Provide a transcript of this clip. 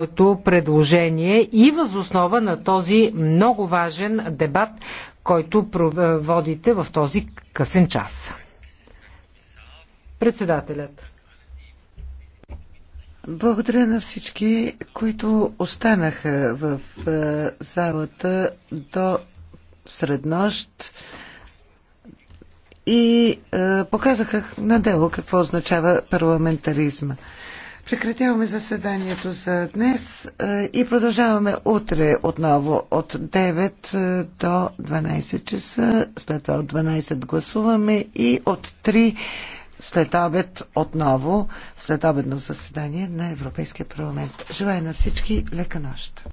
своето предложение и възоснова на този много важен дебат, който проводите е, в този късен час. Председателят. Благодаря на всички, които останаха в е, залата до среднощ и е, показаха на дело какво означава парламентаризма. Прекратяваме заседанието за днес е, и продължаваме утре отново от 9 е, до 12 часа. След това от 12 гласуваме и от 3 след обед отново, след обедно заседание на Европейския парламент. Желая на всички лека нощ!